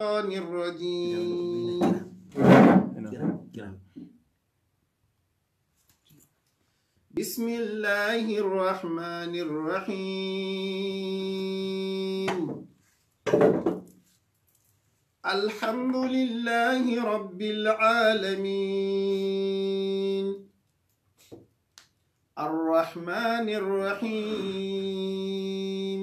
الشيطان الرجيم بسم الله الرحمن الرحيم الحمد لله رب العالمين الرحمن الرحيم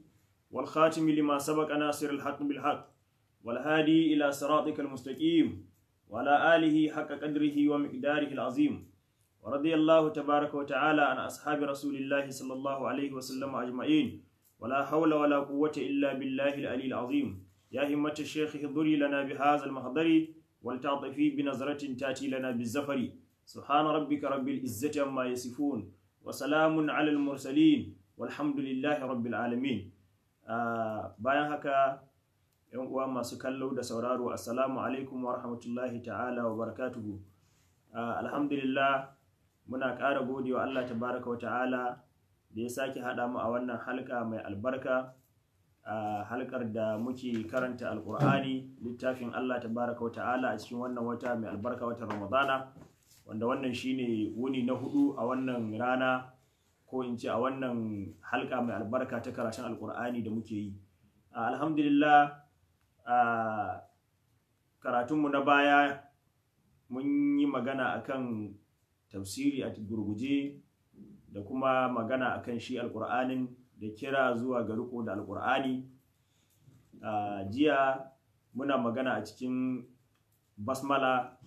والخاتم لما سبق ناصر الحق بالحق والهادي إلى صراطك المستقيم وعلى آله حق قدره ومقداره العظيم ورضي الله تبارك وتعالى عن أصحاب رسول الله صلى الله عليه وسلم أجمعين ولا حول ولا قوة إلا بالله العلي العظيم يا همة الشيخ اهضري لنا بهذا المحضر ولتعطفي بنظرة تأتي لنا بالزفر سبحان ربك رب العزة عما يصفون وسلام على المرسلين والحمد لله رب العالمين bayan haka yan uwa masu kallo da sauraro assalamu alaikum wa rahmatullahi ta'ala wa barakatuhu alhamdulillah muna ƙara godewa Allah tabaraka wa ta'ala da ya sake haɗa mu a wannan halka mai albarka a halkar da muke karanta alƙur'ani littafin Allah tabaraka wa ta'ala a cikin wannan wata mai albarka watan ramadana wanda wannan shine wuni na hudu a wannan rana ko in ce a wannan halka mai albarka ta karatun alkur'ani da muke yi alhamdulillah a karatunmu na baya mun yi magana akan tafsiri a gurguje da kuma magana akan shi alkur'anin da kira zuwa ga riko da alkur'ani a jiya muna magana a cikin basmala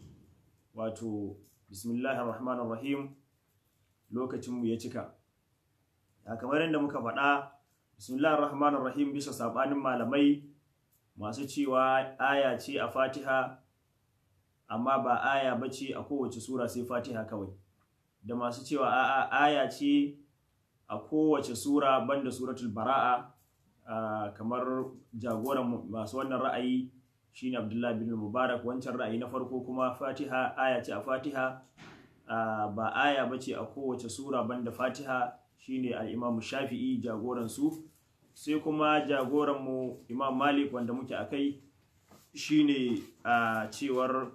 wato bismillahir rahim lokacinmu ya cika kamar yadda muka faɗa bismillahir rahmanir rahim bisa sabanin malamai masu cewa aya ce a fatiha amma ba aya bace a kowace sura sai fatiha kawai da masu cewa a'a aya ce a kowace sura banda suratul bara'a kamar jagoran masu wannan ra'ayi shine abdullahi bin mubarak wancan ra'ayi na farko kuma fatiha aya ce a fatiha ba aya bace a kowace sura banda fatiha shine al-Imam Shafi'i jagoran su sai kuma jagoran mu Imam Malik wanda muke akai shine a cewar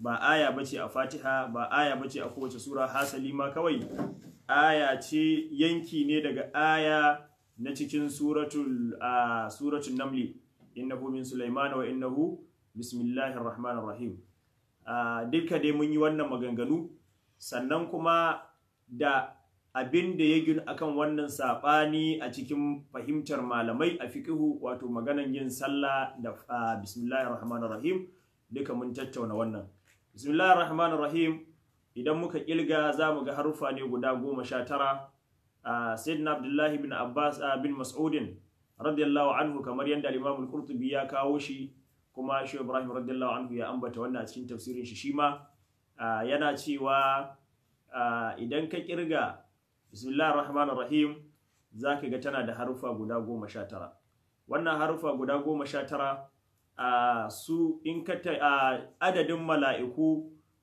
ba aya bace a Fatiha ba aya bace a kowace sura hasali ma kawai aya ce yanki ne daga aya na cikin suratul uh, suratul namli innahu min sulaiman wa innahu bismillahir rahmanir rahim duka dai mun yi wannan maganganu sannan kuma da abin da ya ginu akan wannan saɓani a cikin fahimtar malamai a fiƙihu wato maganan yin sallah da bismillahir rahmanir rahim duka mun tattauna wannan bismillahir rahmanir rahim idan muka kilga za mu ga harufa ne guda goma sha tara sayyidina abdullahi bin abbas bin mas'udin radiyallahu anhu kamar yadda al-imam al-qurtubi ya kawo shi kuma shi ibrahim radiyallahu anhu ya ambata wannan a cikin tafsirin shi shima ma yana cewa idan ka kirga bismillahir rahmanir rahim zaka ga tana da harufa guda goma sha tara wannan harufa guda goma sha tara a su in ka adadin mala'iku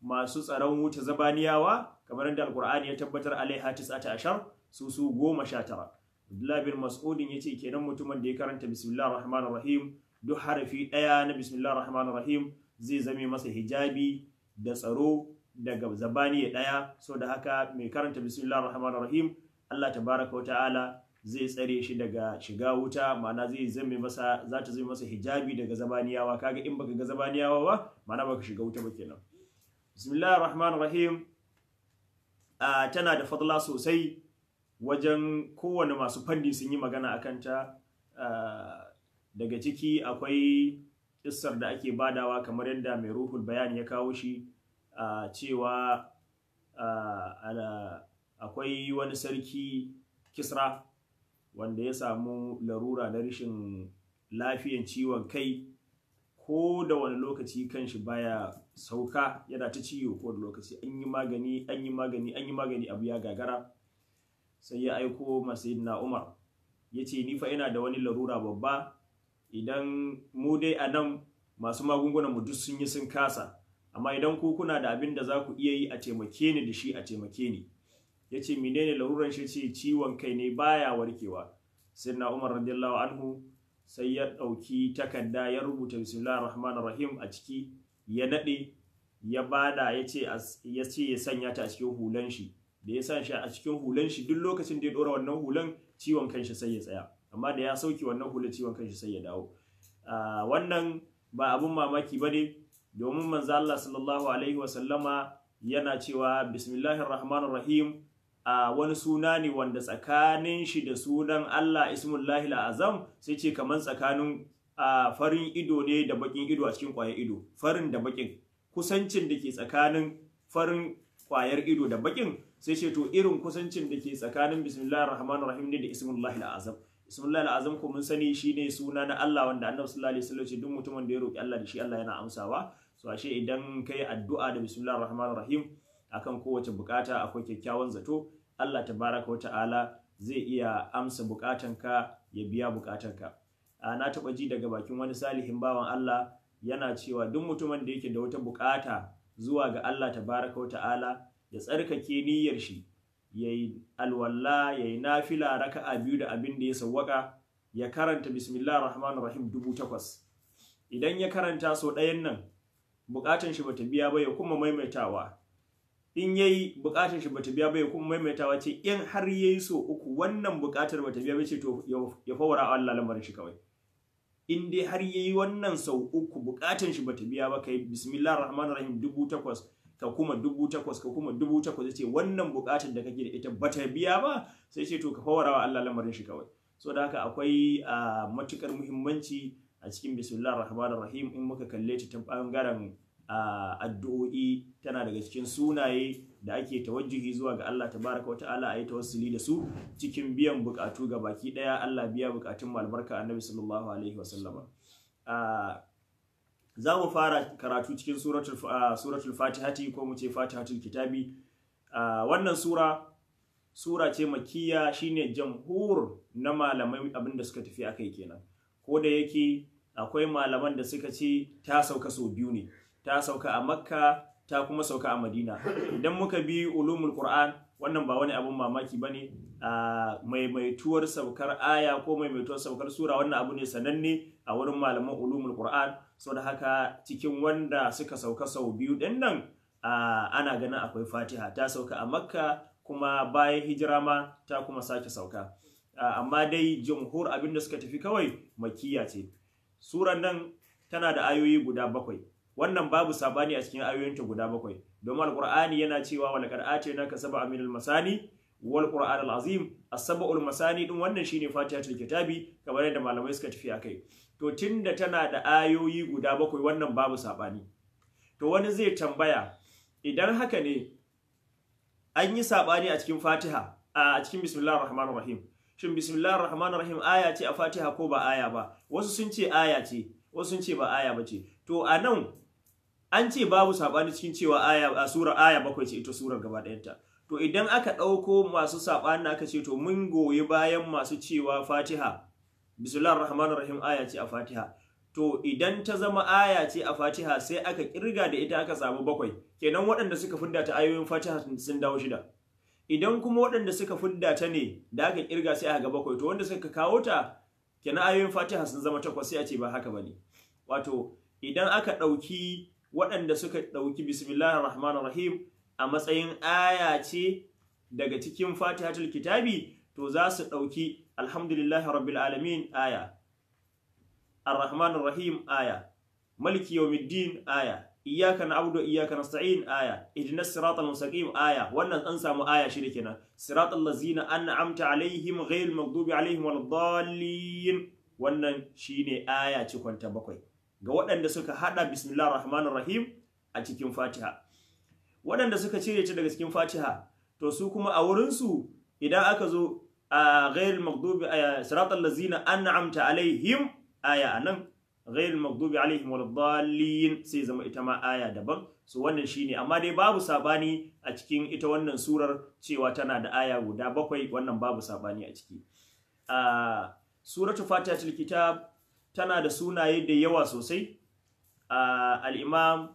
masu tsaron wuta zabaniyawa kamar da alkur'ani ya tabbatar alaiha tis'ata ashar su su goma sha tara Abdullahi bin Mas'udin yace kenan mutumin da ya karanta bismillahir rahmanir rahim duk harafi ɗaya na bismillahir rahmanir rahim zai zame masa hijabi da tsaro daga zabaniya ɗaya so da haka mai karanta bismillah rahman rahim Allah tabaraka wa ta'ala zai tsare shi daga shiga wuta ma'ana zai zame masa za ta zame masa hijabi daga zabaniyawa kaga in baka ga zabaniyawa ba ma'ana baka shiga wuta ba kenan bismillah rahman rahim tana da fadla sosai wajen kowane masu fanni sun yi magana akan ta daga ciki akwai kissar da ake badawa kamar yadda mai ruhul bayani ya kawo shi A cewa akwai wani sarki kisra wanda ya samu larura na rashin lafiyan ciwon kai ko da wani lokaci kan shi baya sauka yana ta ciwo ko da lokaci an yi magani an yi magani an yi magani abu ya gagara sai ya aiko masayidina umar ya ce ni fa ina da wani larura babba idan mu dai a nan masu magungunan mu duk sun yi sun kasa amma idan ku kuna da abin da za ku iya yi a taimake ni da shi a taimake ni ya ce menene laruran shi ce ciwon kai ne baya warkewa sai na umar radiyallahu anhu sai ya ɗauki takarda ya rubuta bismillah rahman rahim a ciki ya naɗe ya bada ya ce ya ce sanya ta a cikin hulan shi da ya sa shi a cikin hulan shi duk lokacin da ya ɗora wannan hulan ciwon kanshi sai ya tsaya amma da ya sauke wannan hulan ciwon kanshi sai ya dawo ah, wannan ba abun mamaki ba ne domin manzo Allah sallallahu alaihi wasallama yana cewa bismillahir rahmanir rahim a wani suna ne wanda tsakanin shi da sunan Allah ismullahi azam sai ce kaman tsakanin farin ido ne da bakin ido a cikin kwayar ido farin da bakin kusancin da ke tsakanin farin kwayar ido da bakin sai ce to irin kusancin da ke tsakanin bismillahir rahmanir rahim ne da ismullahi azam bismillah al'azam ko mun sani shine suna na Allah wanda annabi sallallahu alaihi wasallam ce duk mutumin da ya roki Allah da shi Allah yana amsawa so ashe idan kai addu'a da bismillah arrahman rahim akan kowace bukata akwai kyakkyawan zato Allah tabaraka wata'ala zai iya amsa bukatanka ya biya bukatanka na taba ji daga bakin wani salihin bawan Allah yana cewa duk mutumin da yake da wata bukata zuwa ga Allah tabaraka wata'ala ya tsarkake niyyar shi yayi alwalla yayi nafila a biyu da abin da ya sawwaka ya karanta bismillahir rahmanir rahim dubu takwas idan ya karanta sau ɗayan nan buƙatar shi bata biya ba ya kuma maimaitawa in yayi buƙatar shi bata biya ba ya kuma maimaitawa ce in har yayi so uku wannan buƙatar bata biya ba ce to ya fawara Allah lamarin shi kawai in dai har yayi wannan sau uku buƙatar shi bata biya ba kai bismillahir rahmanir rahim dubu takwas ka kuma dubu takwas ka kuma dubu takwas ya ce wannan bukatar da kake da ita bata biya ba sai ce to ka fawara wa Allah lamarin shi kawai so da haka akwai matukar muhimmanci a cikin bismillah rahman rahim in muka kalle ta ta bangaren addu'o'i tana daga cikin sunaye da ake ta tawajjuhi zuwa ga Allah tabaraka wata'ala a yi tawassuli da su cikin biyan bukatu ga baki daya Allah biya bukatun malbarka albarka annabi sallallahu alaihi wasallama za mu fara karatu cikin ah, suratul fatihati ko mu ce fatihatul kitabi ah, wannan sura sura ce makiya shine jamhur na malamai abinda suka tafi aka yi kenan ko da yake akwai malaman da suka ce ta sauka sau biyu ne ta sauka a makka ta kuma sauka a madina idan muka bi ulumul qur'an wannan ba wani abun mamaki ba ne a ah, maimaituwar saukar aya ko maimaituwar saukar sura wannan abu ne sananne a wurin malaman ulumul qur'an so da haka cikin wanda suka sauka sau biyu din nan ana ganin akwai fatiha ta sauka a makka kuma bayan hijira ma ta kuma sake sauka amma dai jumhur abinda suka tafi kawai makiya ce suran nan tana da ayoyi guda bakwai wannan babu sabani a cikin ayoyinta guda bakwai domin Alƙur'ani yana cewa wal qad na sab'a min Almasani, wal qur'an al azim as-sab'ul masani din wannan shine fatihatul kitabi kamar yadda malamai suka tafi akai to tunda tana da ayoyi guda bakwai wannan babu saɓani to wani zai tambaya idan haka ne an yi saɓani a cikin fatiha a cikin bismillah rahman rahim shin bismillah rahman rahim aya ce a fatiha ko ba aya ba wasu sun ce aya ce wasu sun ce ba aya ba ce to a nan an ce babu saɓani cikin cewa aya a sura aya bakwai ce ita sura gaba ɗayanta to idan aka ɗauko masu saɓani aka ce to mun goyi bayan masu cewa fatiha bismillahir rahmanir rahim aya ce a fatiha to idan ta zama aya ce a fatiha sai aka kirga da ita aka samu bakwai kenan waɗanda suka fidda ta ayoyin fatiha sun dawo shida idan kuma waɗanda suka fidda ta ne da aka kirga sai aka ga bakwai to wanda suka kawo ta kenan ayoyin fatiha sun zama takwas sai a ce ba haka bane wato idan aka ɗauki waɗanda suka ɗauki bismillahir rahmanir rahim a matsayin aya ce daga cikin fatihatul kitabi to za su ɗauki alhamdulillahi rabbil alamin aya arrahman rahim aya maliki yawmiddin aya iyyaka na'budu wa iyyaka nasta'in aya ihdinas siratal mustaqim aya wannan an samu aya shida kenan siratal ladzina an'amta alaihim ghayril maghdubi alaihim waladdallin wannan shine aya cikon ta bakwai ga waɗanda suka hada bismillahir rahmanir rahim a cikin fatiha waɗanda suka cire ta daga cikin fatiha to su kuma a wurin su idan aka zo غairu maghdubi siratal ladzina an'amta alaihim aya anan غairu maghdubi alaihim waladdallin sai zama ita ma aya daban so wannan shine amma dai babu sabani a cikin ita wannan surar cewa tana da aya guda bakwai wannan babu sabani a ciki ah, suratu fatihatul kitab tana da sunaye da yawa sosai ah, al-imam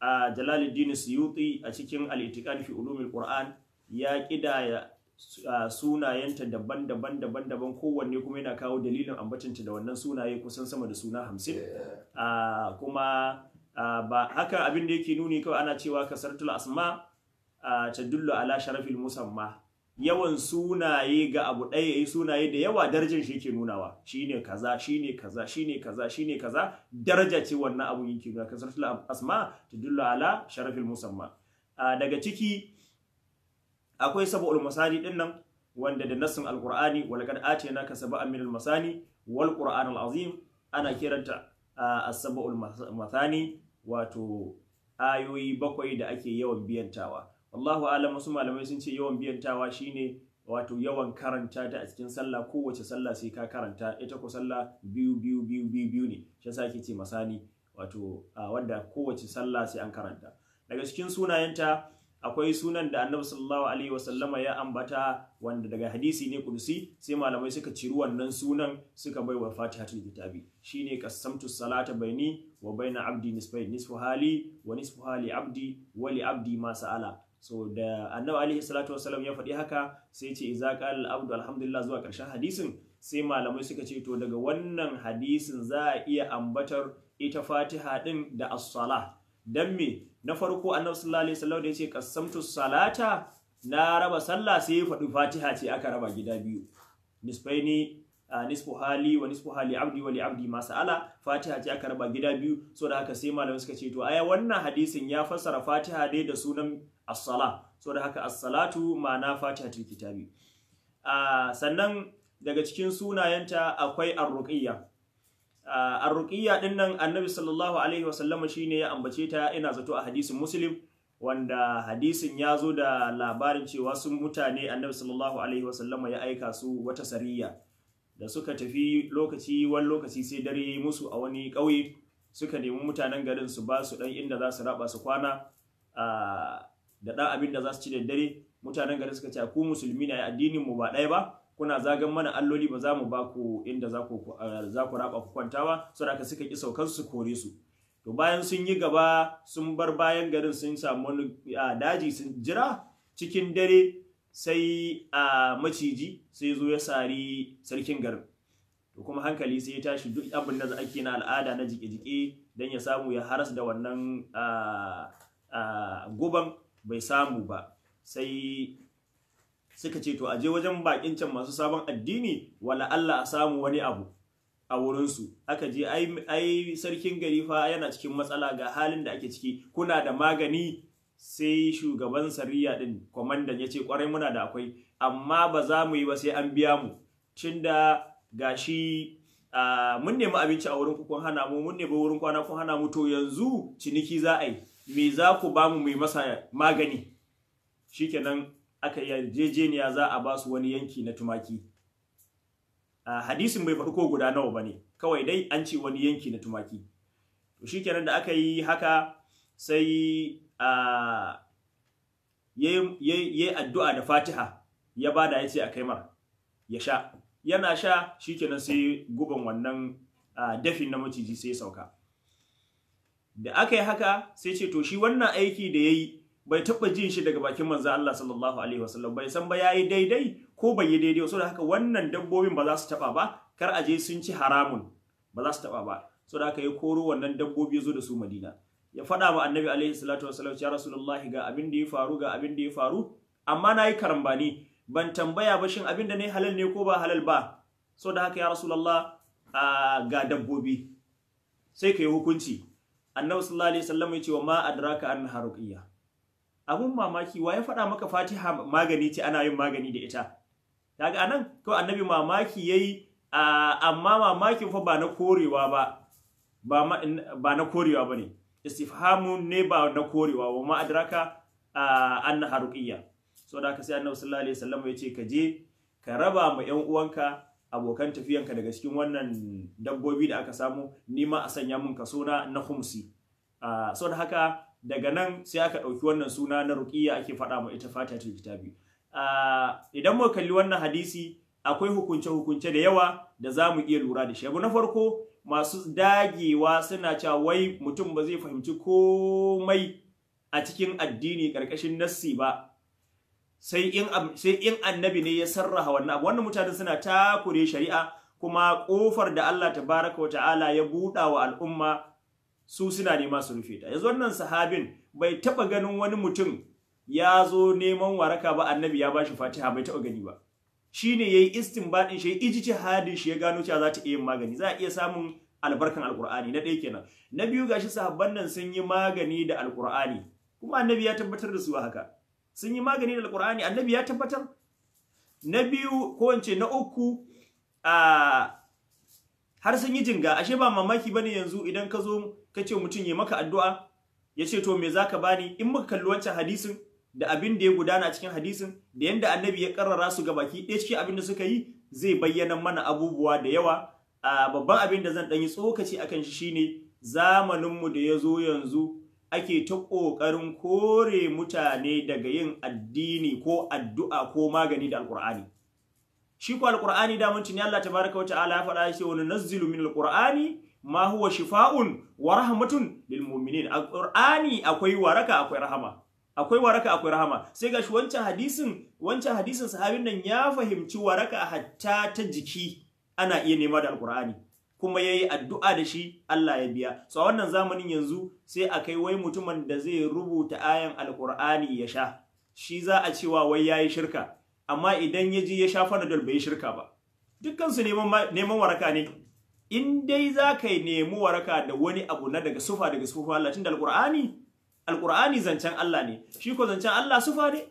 ah, Jalaluddin Suyuti a cikin al-Itiqan fi Ulumil Qur'an ya kidaya Ah, sunayenta daban-daban daban-daban kowanne kuma yana kawo dalilin ambacinta da wannan sunaye kusan sama da suna hamsin ah, kuma ah, ba haka abin da yake nuni kawai ana cewa kasartul asma dullo ala sharafil musamma yawan sunaye ga abu ɗaya yayi sunaye da yawa darajar shi yake nunawa shine kaza shine kaza shine kaza shine kaza daraja ce wannan abun yake nuna kasartul asma dullo ala sharafil musamma daga ciki akwai sab'ul masani din nan wanda da nassin alqur'ani wal qad atainaka sab'an min almasani wal qur'an alazim ana kiranta as-sab'ul masani wato ayoyi bakwai da ake yawan biyantawa wallahu alam wasu malamai sun ce yawan biyantawa shine wato yawan karanta ta a cikin sallah kowace sallah sai ka karanta ita ko sallah biyu biyu biyu biyu biyu ne shi yasa ake ce masani wato wanda kowace sallah sai an karanta daga cikin sunayenta akwai sunan da annabi sallallahu alaihi wasallama ya ambata wanda daga hadisi ne kudusi sai malamai suka ciri wannan sunan suka bai wa tul kitabi shine qasamtu salata baini wa baina abdi nisfai nisfu hali wa nisfu hali abdi wa li abdi ma sa'ala so da annabi alaihi salatu wasallam ya faɗi haka sai ce idza qala abdu alhamdulillah zuwa ƙarshen hadisin sai malamai suka ce to daga wannan hadisin za a iya ambatar ita fatiha din da as-salah dan me na farko annabi sallallahu alaihi wasallam da yace qasamtu salata na raba sallah sai ya faɗi fatiha ce aka raba gida biyu nisbaini nisbu hali wa nisbu hali abdi wa li abdi ma fatiha ce aka raba gida biyu so da haka sai malamai suka ce to aya wannan hadisin ya fassara fatiha dai da sunan as-sala so da haka as-salatu ma'ana fatihatul kitabi sannan daga cikin sunayenta akwai ar-ruqiyya Ah, arruqiyya din nan annabi sallallahu alaihi wasallama ne ya ambace ta ina zato a hadisin muslim wanda hadisin ya zo da labarin cewa sun mutane annabi sallallahu alaihi wasallama ya aika su wata sariya da suka tafi lokaci wani lokaci sai dare yi musu a wani ƙauye suka nemi mutanen garin su ba su ɗan inda za su raba su kwana ah, da ɗan abin da za su ci da dare mutanen garin suka ce ku musulmi na addinin mu ba ɗaya ba kuna zagan mana alloli ba za mu ba ku inda za ku eh, raba ku kwanta ba saboda haka suka ki saukar su kore su to bayan sun yi gaba sun bar bayan garin sun samu a daji sun jira cikin dare sai a maciji sai zo ya sari sarkin garin to kuma hankali sai ya tashi duk abin da ake na al'ada na jike-jike don ya samu ya haras da wannan guban bai samu ba sai suka ce to a je wajen bakin can masu sabon addini wala Allah a samu wani abu a wurinsu aka je ai sarkin gari fa yana cikin matsala ga halin da ake ciki kuna da magani sai shugaban sariya din kwamandan ya ce kwarai muna da akwai amma ba za mu yi ba sai an biya mu cin da gashi mun nemi abinci a wurin kun hana mu mun nemi wurin kwana kun hana mu to yanzu ciniki za a yi me za ku ba mu mai masa magani shikenan aka yarjejeniya za a ba su wani yanki na tumaki a hadisin bai farko guda nawa ba ne kawai dai an ce wani yanki na tumaki to shi kenan da aka yi haka sai ya addu'a da fatiha ya bada ya ce a kai ya sha yana sha shi kenan sai guban wannan dafin na maciji sai sauka da aka yi haka sai ce to shi wannan aiki da ya yi bai taba jin shi daga bakin manzo Allah sallallahu alaihi wasallam bai san ba yayi daidai ko bai yi daidai saboda haka wannan dabbobin ba za su taba ba kar a je sun ci haramun ba za su taba ba saboda haka ya koro wannan dabbobi zo da su Madina ya faɗa wa annabi alaihi salatu wasallam ya rasulullahi ga abin da ya faru ga abin da ya faru amma nayi karambani ban tambaya ba shin abin da ne halal ne ko ba halal ba saboda haka ya rasulullah ga dabbobi sai ka yi hukunci annabi sallallahu alaihi wasallam ya ce wa ma adraka an haruqiyah abun mamaki wa ya faɗa maka fatiha magani ce ana yin magani da ita daga anan to annabi mamaki yayi amma mamakin fa ba na korewa ba ba na korewa ba ne. istifhamun ne ba na korewa wa ma adraka na haruqiyya so da ka sai annabi sallallahu alaihi ya ce ka je ka raba ma yan uwanka abokan tafiyanka daga cikin wannan dabbobi da aka samu nima a sanya mun kaso na na khumsi so da haka daga nan sai aka ɗauki wannan suna na Rukiya ake faɗa ma ita fata fatihatul kitabi ah, idan mu kalli wannan hadisi akwai hukunce-hukunce da yawa da za mu iya lura da shi abu na farko masu dagewa suna cewa wai mutum ba zai fahimci komai a cikin addini ƙarƙashin nassi ba sai in annabi ne ya sarraha wannan abu wannan mutane suna takure shari'a kuma ƙofar da Allah tabaraka wa ta'ala ya buɗa wa al'umma su suna nema su rufe ta yanzu wannan sahabin bai taba ganin wani mutum ya zo neman waraka ba annabi ya bashi fatiha bai taba gani ba shine yayi istinbadin shi ijtihadin shi ya gano cewa za ta iya magani za a iya samun albarkan alqur'ani na ɗaya kenan na biyu gashi sahabban nan sun yi magani da alqur'ani kuma annabi ya tabbatar da su haka sun yi magani da alqur'ani annabi ya tabbatar na biyu ko na uku a har sun yi jinga ashe ba mamaki bane yanzu idan ka zo kace mutum ya maka addu'a ya ce to me zaka bani in muka kalli wancan hadisin da abin da ya gudana a cikin hadisin da yanda annabi ya karrara su ga baki ɗaya cikin abin da suka yi zai bayyana mana abubuwa da yawa a babban abin da zan yi tsokaci akan shi shine zamanin mu da ya zo yanzu ake ta kokarin kore mutane daga yin addini ko addu'a ko magani da alƙur'ani shi ko alƙur'ani da mun tuni Allah tabaaraka wa ta'ala ya faɗa shi wa nunazzilu min alƙur'ani ma huwa shifa'un wa rahmatun lil mu'minin alqur'ani akwai waraka akwai rahama akwai waraka akwai rahama sai ga shi wancan hadisin wancan hadisin sahabin nan ya fahimci waraka hatta ta jiki ana iya nema da alqur'ani kuma yayi addu'a da shi Allah ya biya so wannan zamanin yanzu sai akai wai mutumin da zai rubuta ayan alqur'ani ya sha shi za a cewa wai yayi shirka amma idan ya ji ya sha fanadol bai shirka ba dukkan su neman neman waraka ne in dai za ka nemi waraka da wani abu na daga sufa daga sufa Allah tunda alƙur'ani alƙur'ani zancen Allah ne shi ko zancen Allah sufa ne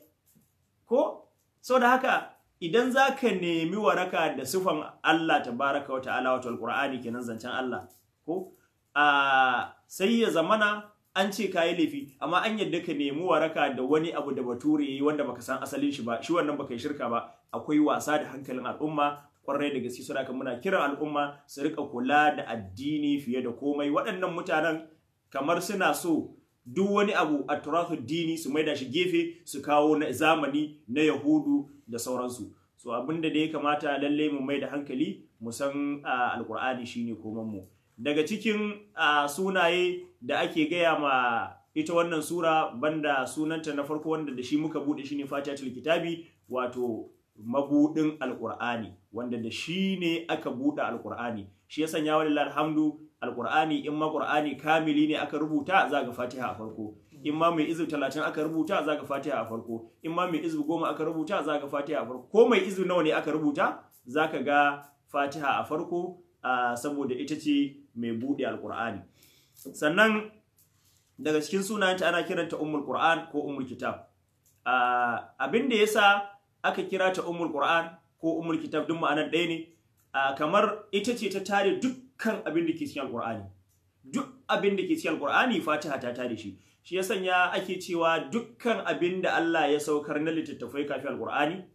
ko sau da haka idan za ka nemi waraka da sufan Allah ta baraka wata ala wata alƙur'ani ke kenan zancen Allah ko a sai ya zamana an ce ka yi laifi amma an yadda ka nemi waraka da wani abu da bature yi wanda baka san asalin shi ba shi wannan baka yi shirka ba akwai wasa da hankalin al'umma kwarai da gaske saboda muna kira al'umma su rika kula da addini fiye da komai waɗannan mutanen kamar suna so duk wani abu a turatu dini su maida shi gefe su kawo na zamani na yahudu da sauransu so abinda da ya kamata lallai mu maida hankali mu san alkur'ani shine koman mu daga cikin sunaye da ake gaya ma ita wannan sura banda sunanta na farko wanda da shi muka bude shine fatihatul kitabi wato mabudin alkur'ani wanda da shi ne aka buɗe alkur'ani shi ya sanya wa lillahi alhamdu alkur'ani in ma ƙur'ani kamili ne aka rubuta za ga fatiha a farko in ma mai izu talatin aka rubuta za ga fatiha a farko in ma mai izu goma aka rubuta za ga fatiha a farko ko mai izu nawa ne aka rubuta za ka ga fatiha a farko saboda ita ce mai buɗe alkur'ani sannan daga cikin sunayenta ana kiranta ummul qur'an ko ummul kitab abin da yasa aka kira ta ummul qur'an ko umul kitab duk ma'anar ɗaya ne kamar ita ce ta tare dukkan abin da ke cikin alqur'ani duk abin da ke cikin alqur'ani fatiha ta tare shi shi ya sanya ake cewa dukkan abin da Allah ya saukar na littattafai kafin Ga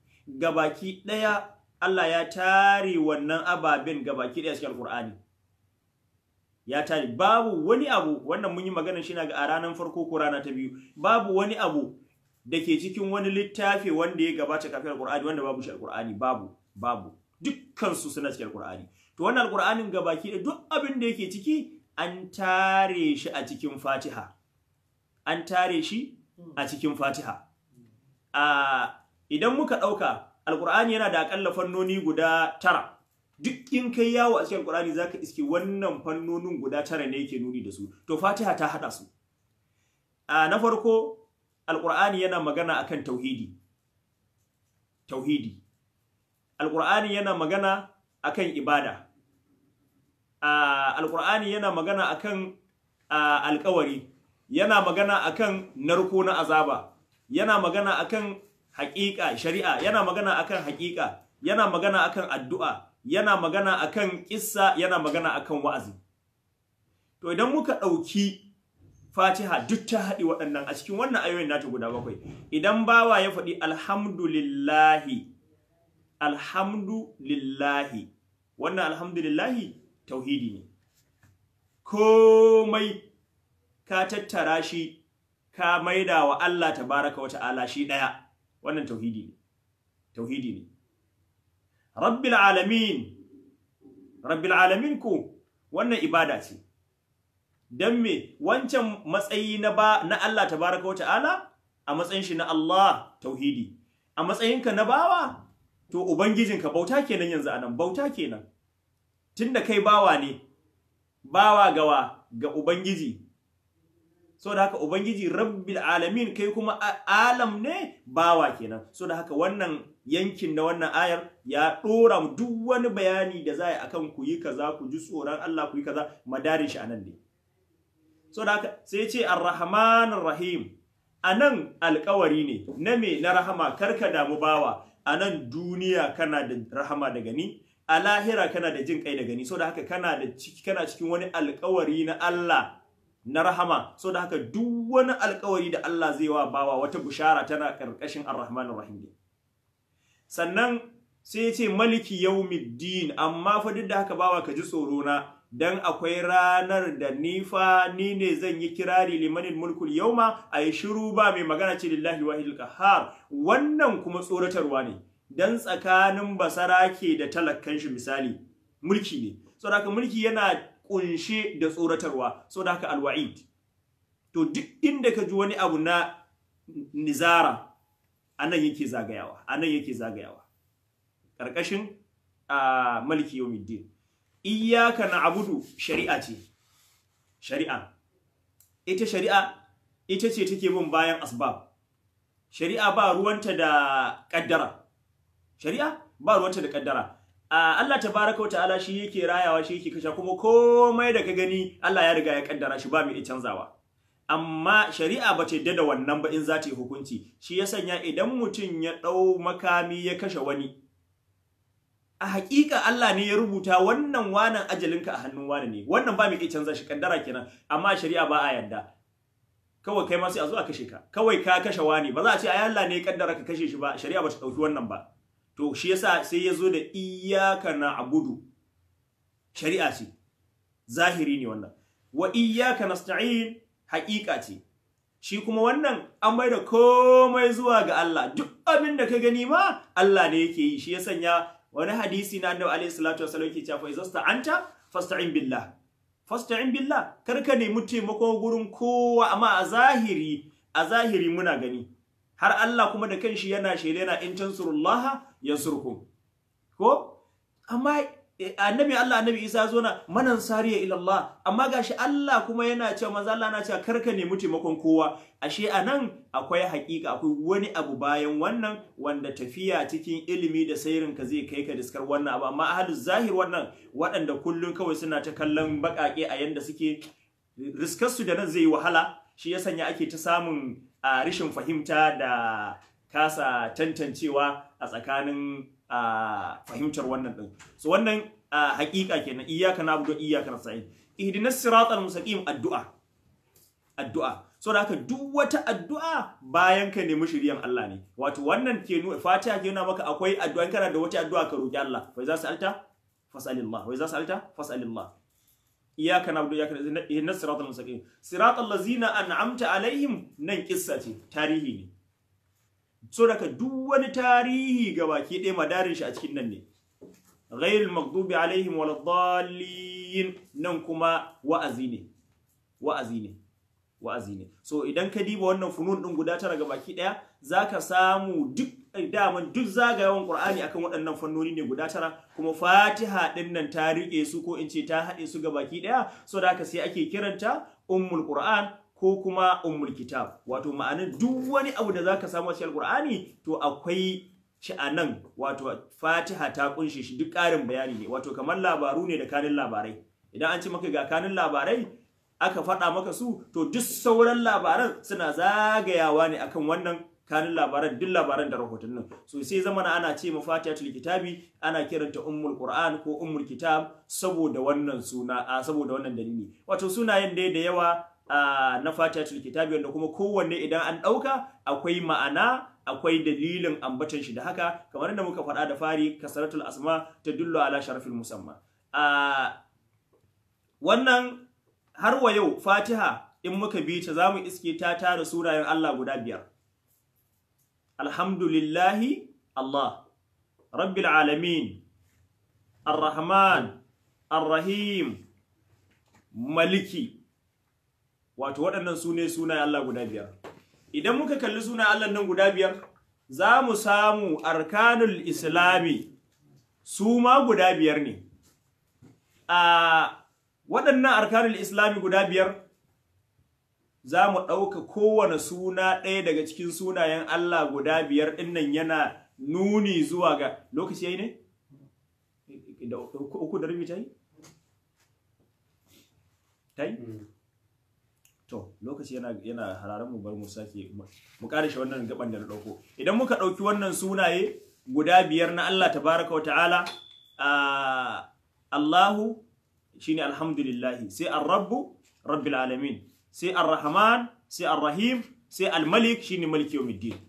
gabaki ɗaya Allah ya tare wannan ababen gabaki ɗaya cikin alqur'ani ya tare babu wani abu wannan mun yi magana shi na ga a ranar farko ko rana ta biyu babu wani abu da ke cikin wani littafi wanda ya gabata kafin alkur'ani wanda babu shi alkur'ani babu babu dukkan suna cikin alkur'ani to wannan alkur'anin gabaki da duk abin da yake ciki an tare shi a cikin fatiha an tare shi a cikin fatiha idan muka ɗauka alkur'ani yana da akalla fannoni guda tara duk in kai yawo a cikin alkur'ani zaka iske wannan fannonin guda tara ne yake nuni da su to fatiha ta haɗa su na farko Alƙur'ani yana magana akan tauhidi tauhidi alqur'ani yana magana akan ibada Alƙur'ani yana magana akan alƙawari yana magana akan narko na azaba yana magana akan haƙiƙa shari'a yana magana akan haƙiƙa yana magana akan addu'a yana magana akan kissa yana magana akan wa'azi to idan muka ɗauki Fatiha duk ta haɗi waɗannan a cikin wannan ayoyin nata guda bakwai idan bawa ya faɗi alhamdulillahi alhamdulillahi wannan alhamdulillahi tauhidi ne komai ka tattara shi ka maida wa Allah ta baraka wa ta'ala shi ɗaya wannan tauhidi ne tauhidi ne rabbil alamin rabbil alamin ku wannan ibada ce dan me wancan matsayi na ba na Allah tabaraka wata'ala a matsayin shi na Allah tauhidi a matsayinka na bawa to ubangijinka bauta kenan yanzu anan bauta kenan tunda kai bawa ne bawa gawa ga ubangiji so da haka ubangiji rabbil alamin kai kuma alam ne bawa kenan so da haka wannan yankin na wannan ayar ya dora duk wani bayani da za a akan ku yi kaza ku ji tsoron Allah ku yi kaza madarin shi anan ne so da haka sai ce ar-rahman rahim anan alkawari ne na me na rahama karka damu bawa a nan duniya kana da rahama daga ni a lahira kana da jin kai daga ni so da haka kana da ciki kana cikin wani alkawari na Allah na rahama so haka duk wani alkawari da Allah zai wa bawa wata bushara tana karkashin ar-rahman rahim sannan sai ce maliki yawmiddin amma fa duk da haka bawa ka ji tsoro na dan akwai ranar da nifa ni ne zan yi kirari limanin mulkul yauma yi shiru ba mai magana ce lillahi wahidul qahhar wannan kuma tsoratarwa ne dan tsakanin basara ke da talakkan shi misali mulki ne saboda mulki yana kunshe da tsoratarwa saboda haka alwa'id to duk inda ka ji wani abu na nizara anan yake zagayawa anan yake zagayawa karkashin a ah, maliki yawmiddin na abudu shari'a ce shari'a ita shari'a ita ce take bin bayan asbab shari'a ba ruwanta da kaddara shari'a ba ruwanta da kaddara Allah tabaraka wa ta'ala shi yake rayawa shi yake kasha kuma komai da ka gani Allah ya riga ya kaddara shi ba mai canzawa amma shari'a ba yadda da wannan ba in za ta yi hukunci shi ya sanya idan mutum ya ɗau makami ya kashe wani a hakika Allah ne ya rubuta wannan wanan ajalinka a hannun wani ne wannan ba mai iya canza shi kaddara kenan amma shari'a ba a yanda kawai kai ma sai a zo kashe ka kawai ka kashe wani ba za a ce ai Allah ne ya kaddara ka kashe shi ba shari'a ba ta dauki wannan ba to shi yasa sai ya zo da iyyaka na'budu shari'a ce zahiri ne wannan wa iyyaka nasta'in haƙiƙa ce shi kuma wannan an bai da komai zuwa ga Allah duk abin da ka gani ma Allah ne yake yi shi ya sanya wani hadisi na annabi alaihi salatu wasallam ke cewa fa izasta anta fasta'in billah fasta'in billah kar ka nemi taimako gurin kowa amma a zahiri a zahiri muna gani har Allah kuma da kanshi yana shele yana in tansurullaha yansurkum ko amma Eh, annabi Allah annabi Isa zo na manan sariya ila Allah amma gashi Allah kuma yana cewa manzo Allah na cewa karka nemi taimakon kowa ashe anan akwai hakika akwai wani abu bayan wannan wanda tafiya cikin ilimi da sairin ka zai kai ka diskar wannan abu amma ahli zahir wannan waɗanda kullun kawai suna ta kallon bakake a yanda suke riskar su da nan zai wahala shi ya sanya ake ta samun rashin fahimta da kasa tantancewa a tsakanin fahimtar wannan din so wannan hakika kenan iyyaka na'budu iyyaka nasta'in ihdinas siratal mustaqim addu'a addu'a so da haka duk wata addu'a bayan ka nemi shiriyan Allah ne wato wannan ke nuna fatiha ke nuna maka akwai addu'a kana da wata addu'a ka roki Allah za su alta fas'alillah za su alta fas'alillah iyyaka na'budu iyyaka nasta'in ihdinas siratal mustaqim siratal ladzina an'amta alaihim nan kissa ce tarihi ne so daga duk wani tarihi ga baki ɗaya madarin shi a cikin nan ne ghairul maghdubi alaihim waladdallin nan kuma wa'azi ne wa'azi ne wa'azi ne so idan ka diba wannan funun din guda tara ga baki ɗaya zaka samu duk eh, daman duk zagayawan Qur'ani akan waɗannan fannoni ne guda tara kuma Fatiha din nan ta rike su ko in ce ta haɗe su ga baki ɗaya so da haka sai ake kiranta ummul Qur'an ko kuma ummul kitab wato ma'ana duk wani abu da zaka samu a cikin alqur'ani to akwai shi anan wato fatiha ta kunshe shi duk karin bayani ne wato kamar labaru ne da kanin labarai idan an ci maka ga kanin labarai aka faɗa maka su to duk sauran labaran suna zagayawa ne akan wannan kanin labaran duk labaran da rahotannin so sai na ana ce ma fatihatul kitabi ana kiranta ummul qur'an ko ummul kitab saboda wannan suna saboda wannan dalili wato sunayen da yawa na fatatul kitabi wanda kuma kowanne idan an ɗauka akwai ma'ana akwai dalilin ambatan shi da haka kamar da muka faɗa da fari kasaratul asma ta dullo ala sharafin musamma wannan har wa yau fatiha in muka bi ta zamu iske ta tara surayen Allah guda biyar alhamdulillahi Allah rabbil alamin arrahman arrahim maliki wato waɗannan su ne sunayen Allah guda biyar idan muka kalli sunayen Allah nan guda biyar za mu samu arkanul islami su ma guda biyar ne a waɗannan arkanul islami guda biyar za mu ɗauka kowane suna ɗaya daga cikin sunayen Allah guda biyar ɗinnan yana nuni zuwa ga lokaci ya yi ne? uku da rubuta ta yi? ta yi? Hmm. to lokaci yana yana hararin mu bar mu sake mu kare shi wannan gaban da na dauko idan muka dauki wannan sunaye guda biyar na Allah tabaraka wa ta'ala Allahu shine alhamdulillah sai ar-rabb rabbil alamin sai ar-rahman sai ar-rahim sai al-malik shine maliki rukunan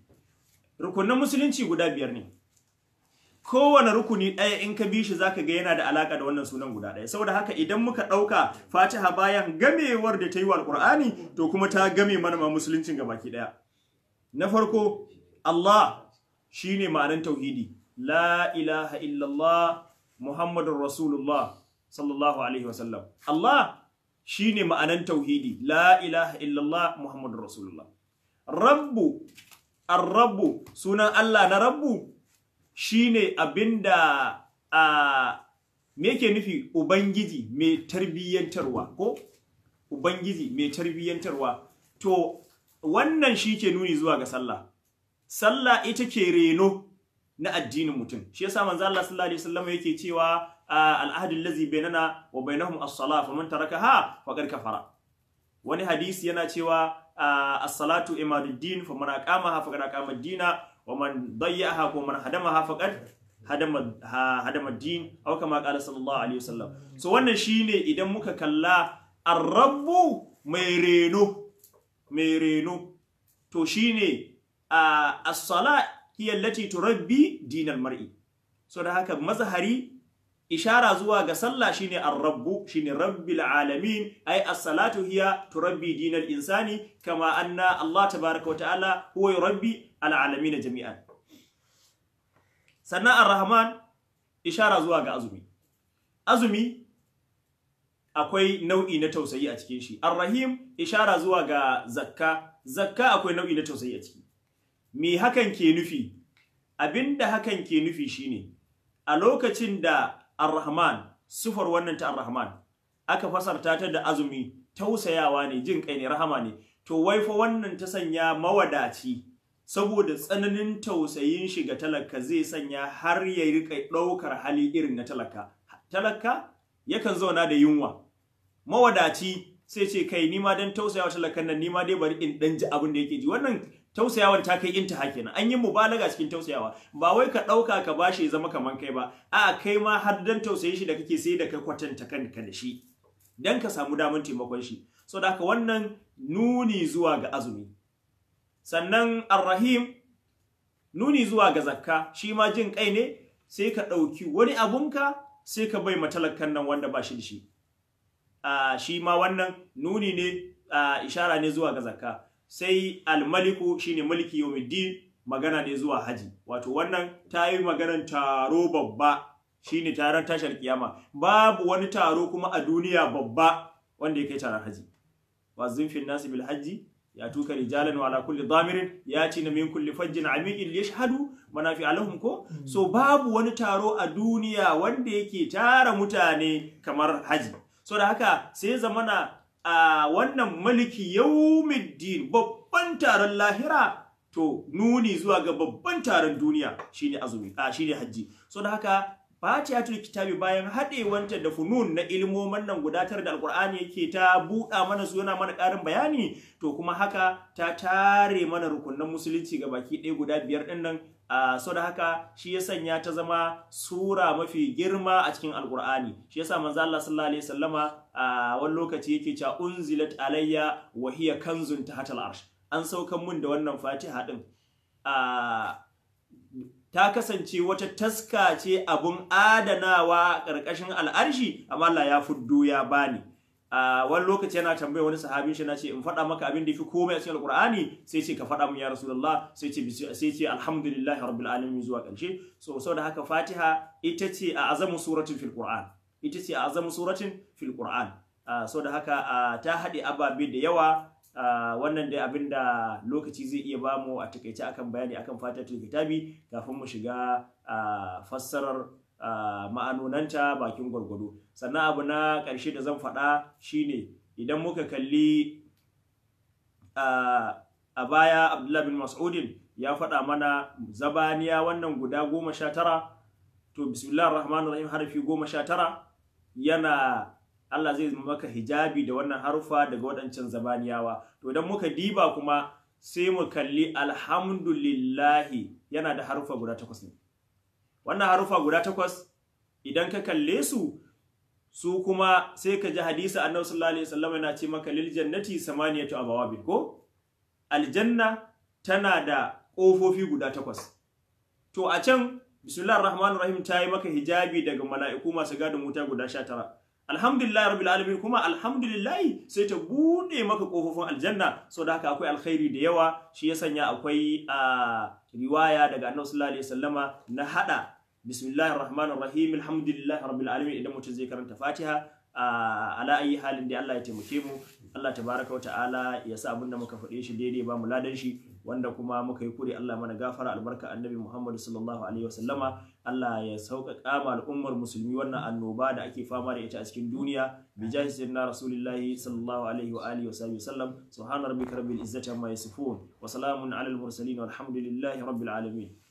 rukunin musulunci guda biyar ne kowane rukuni ɗaya in ka bi shi zaka ga yana da alaka da wannan sunan guda ɗaya saboda haka idan muka ɗauka fatiha bayan gamewar da ta yi wa alƙur'ani to kuma ta game mana ma musuluncin gabaki ɗaya na farko Allah shine ma'anin tauhidi la ilaha illallah Muhammadu rasulullah sallallahu alaihi wasallam Allah shine ma'anin tauhidi la ilaha illallah muhammadur rasulullah rabbu ar-rabbu sunan Allah na rabbu shine abinda a me yake nufi ubangiji mai tarbiyyantarwa ko ubangiji mai tarbiyyantarwa to wannan shi ke nuni zuwa ga sallah sallah ita ke reno na addinin mutum shi yasa manzo Allah sallallahu alaihi wasallam yake cewa al'ahd allazi bainana wa bainahum as-salah faman tarakaha faqad kafara wani hadisi yana cewa as-salatu imaduddin faman aqamaha faqad aqama ad-dina ومن ضيعها ومن هدمها فقد هدم هدم الدين أو كما قال صلى الله عليه وسلم so wannan shine idan muka kalla ar-rabbu mai reno to shine as-sala hiya allati turabbi din al-mar'i so da haka mazhari ishara zuwa ga sallah shine ar-rabbu shine rabbil alamin ay as-salatu hiya turabbi dinal insani kama anna Allah tabaaraka wa ta'ala huwa yurabbi al-alamin jami'an sannan ar-rahman ishara zuwa ga azumi azumi akwai nau'i na tausayi a cikin shi ar-rahim ishara zuwa ga zakka zakka akwai nau'i na tausayi a ciki me hakan ke nufi abinda hakan ke nufi shine a lokacin da Ar-Rahman sufar wannan ta Ar-Rahman aka fasarta ta da azumi tausayawa ne jin kai ne rahama ne to wai fa wannan ta sanya mawadaci saboda tsananin tausayin shi ga talaka zai sanya har ya rika ɗaukar hali irin na talaka talaka yakan zauna da yunwa mawadaci sai ce kai nima don tausayawa talakan nan nima dai bari in ɗan ji abin da yake ji wannan tausayawan ta kai inta kenan an yi mubalaga cikin tausayawa ba wai ka ɗauka ka bashi ya zama kaman kai ba a kai ma har dan tausayi shi da kake sai da ka kwatanta kanka da shi dan ka samu daman taimakon shi so da wannan nuni zuwa ga azumi sannan arrahim nuni zuwa ga zakka shi ma jin kai ne sai ka ɗauki wani abun ka sai ka bai matalakan nan wanda ba shi da shi a ah, shi ma wannan nuni ne ah, ishara ne zuwa ga zakka sai almaliku shine mulki yawmiddin magana ne zuwa haji wato wannan ta yi taro babba shine taron tashar kiyama babu wani taro kuma a duniya babba wanda yake taron haji wa zinfin nasi bil haji ya tuka rijalan wa ala kulli damirin ya ci na min kulli fajjin amiqin yashhadu manafi alahum ko hmm. so babu wani taro a duniya wanda yake tara mutane kamar haji so da haka sai zamana a wannan maliki yawmiddin babban taron lahira to nuni zuwa ga babban taron duniya shine azumi a shine haji so da haka Fatihatul Kitabi bayan haɗewanta da funun na ilmomin nan gudatar da Alƙur'ani yake ta buɗa mana su yana mana ƙarin bayani to kuma haka ta tare mana rukunnan musulunci ga baki ɗaya guda biyar ɗin nan Uh, so da haka shi ya sanya ta zama sura mafi girma a cikin alkur'ani shi yasa manza Allah sallallahu alaihi wasallama a wani lokaci yake cewa unzilat alayya wa hiya kanzun tahtal arsh an saukan mun da wannan fatiha din uh, ta kasance wata taska ce abun adanawa ƙarƙashin al'arshi amma Allah ya fuddo ya bani a wani lokaci yana tambaye wani sahabin shi ce in faɗa maka abin da fi komai a cikin alqur'ani sai ce ka faɗa mu ya rasulullah sai ce sai ce alhamdulillahi rabbil alamin zuwa ƙarshe so saboda haka fatiha ita ce a azamu suratin fil qur'an ita ce a azamu suratin fil qur'an saboda haka ta haɗe ababe da yawa wannan dai abin da lokaci zai iya bamu a takaice akan bayani akan fatatul kitabi kafin mu shiga fassarar Ma'anunanta bakin gwargwado sannan abu na ƙarshe da zan faɗa shine idan muka kalli a baya Abdullahi bin mas'udin ya faɗa mana zabaniya wannan guda goma sha tara to bismillah rahman rahim harfi goma sha tara yana Allah zai maka hijabi da wannan harufa daga waɗancan zabaniyawa to idan muka diba kuma sai mu kalli alhamdulillahi yana da harufa guda takwas ne wannan harufa guda takwas idan ka kalle su su kuma sai ka ji hadisi annabi sallallahu alaihi wasallam yana ce maka lil jannati samaniyatu abawabi ko aljanna tana da kofofi guda takwas to a can bismillahir rahmanir rahim ta yi maka hijabi daga mala'iku masu gadin wuta guda 19 alhamdulillah rabbil alamin kuma alhamdulillah sai ta bude maka kofofin aljanna sau da haka akwai alkhairi da yawa shi ya sanya akwai a ah, riwaya daga annabi sallallahu alaihi wasallama na hada bismillahirrahmanirrahim rahim alhamdulillahi rabbil alamin idan mutum zai karanta fatiha ala ayi halin da Allah ya taimake mu Allah tabaraka wa ta'ala ya sa abin da muka faɗe shi daidai ba mu ladan shi wanda kuma muka yi kuri Allah mana gafara albarka annabi Muhammad sallallahu alaihi wa sallama Allah ya sauƙaƙa ma al'ummar musulmi wannan annoba da ake fama da ita a cikin duniya bi jahi sayyidina rasulillahi sallallahu alaihi wa alihi wa sallam subhana rabbika rabbil izzati amma yasifun wa salamun alal mursalin walhamdulillahi rabbil alamin